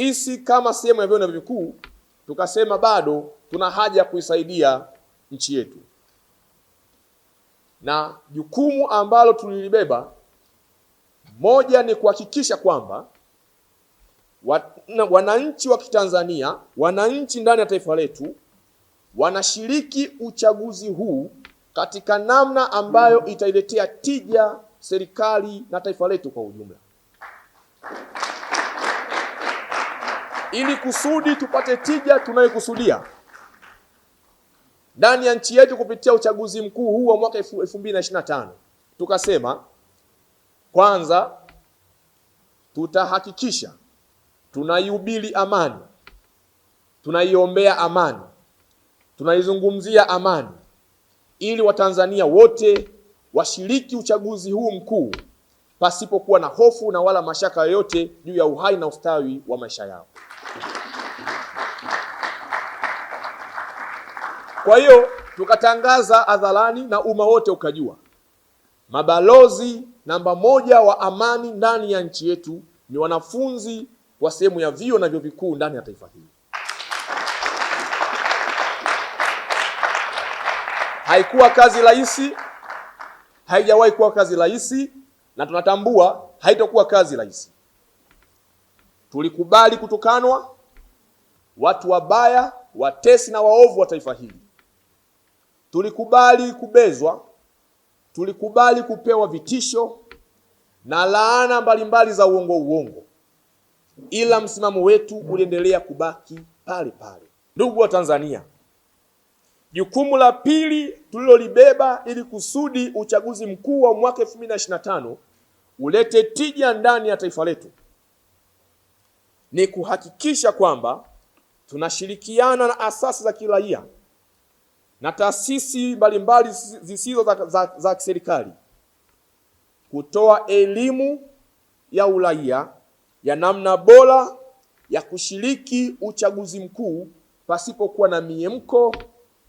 Sisi kama sehemu ya vyuo vikuu tukasema bado tuna haja ya kuisaidia nchi yetu, na jukumu ambalo tulilibeba moja ni kuhakikisha kwamba wananchi wa Kitanzania, wananchi ndani ya taifa letu wanashiriki uchaguzi huu katika namna ambayo itailetea tija serikali na taifa letu kwa ujumla. ili kusudi tupate tija tunayokusudia ndani ya nchi yetu kupitia uchaguzi mkuu huu wa mwaka 2025 tukasema, kwanza tutahakikisha tunaihubiri amani, tunaiombea amani, tunaizungumzia amani ili Watanzania wote washiriki uchaguzi huu mkuu pasipokuwa na hofu na wala mashaka yoyote juu ya uhai na ustawi wa maisha yao. Kwa hiyo tukatangaza hadharani na umma wote ukajua, mabalozi namba moja wa amani ndani ya nchi yetu ni wanafunzi wa sehemu ya vyuo na vyuo vikuu ndani ya taifa hili. Haikuwa kazi rahisi, haijawahi kuwa kazi rahisi, na tunatambua haitakuwa kazi rahisi. Tulikubali kutukanwa, watu wabaya, watesi na waovu wa taifa hili Tulikubali kubezwa, tulikubali kupewa vitisho na laana mbalimbali za uongo uongo, ila msimamo wetu uliendelea kubaki pale pale. Ndugu wa Tanzania, jukumu la pili tulilolibeba ili kusudi uchaguzi mkuu wa mwaka 2025 ulete tija ndani ya taifa letu ni kuhakikisha kwamba tunashirikiana na asasi za kiraia na taasisi mbalimbali zisizo za, za, za kiserikali kutoa elimu ya uraia ya namna bora ya kushiriki uchaguzi mkuu pasipokuwa na miemko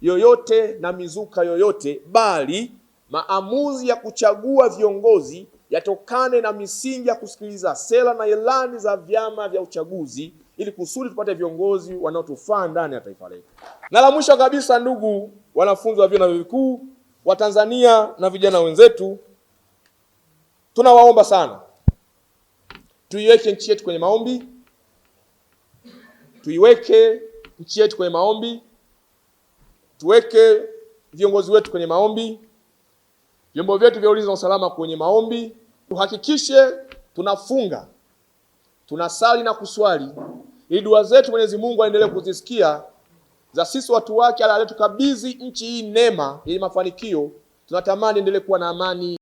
yoyote na mizuka yoyote, bali maamuzi ya kuchagua viongozi yatokane na misingi ya kusikiliza sera na ilani za vyama vya uchaguzi ili kusudi tupate viongozi wanaotufaa ndani ya taifa letu. Na la mwisho kabisa, ndugu wanafunzi wa vyuo na vyuo vikuu, Watanzania na vijana wenzetu, tunawaomba sana tuiweke nchi yetu kwenye maombi, tuiweke nchi yetu kwenye maombi, tuweke viongozi wetu kwenye maombi, vyombo vyetu vya ulinzi na usalama kwenye maombi, tuhakikishe tunafunga, tunasali na kuswali ili dua zetu Mwenyezi Mungu aendelee kuzisikia za sisi watu wake aliyetukabidhi nchi hii neema yenye mafanikio, tunatamani endelee kuwa na amani.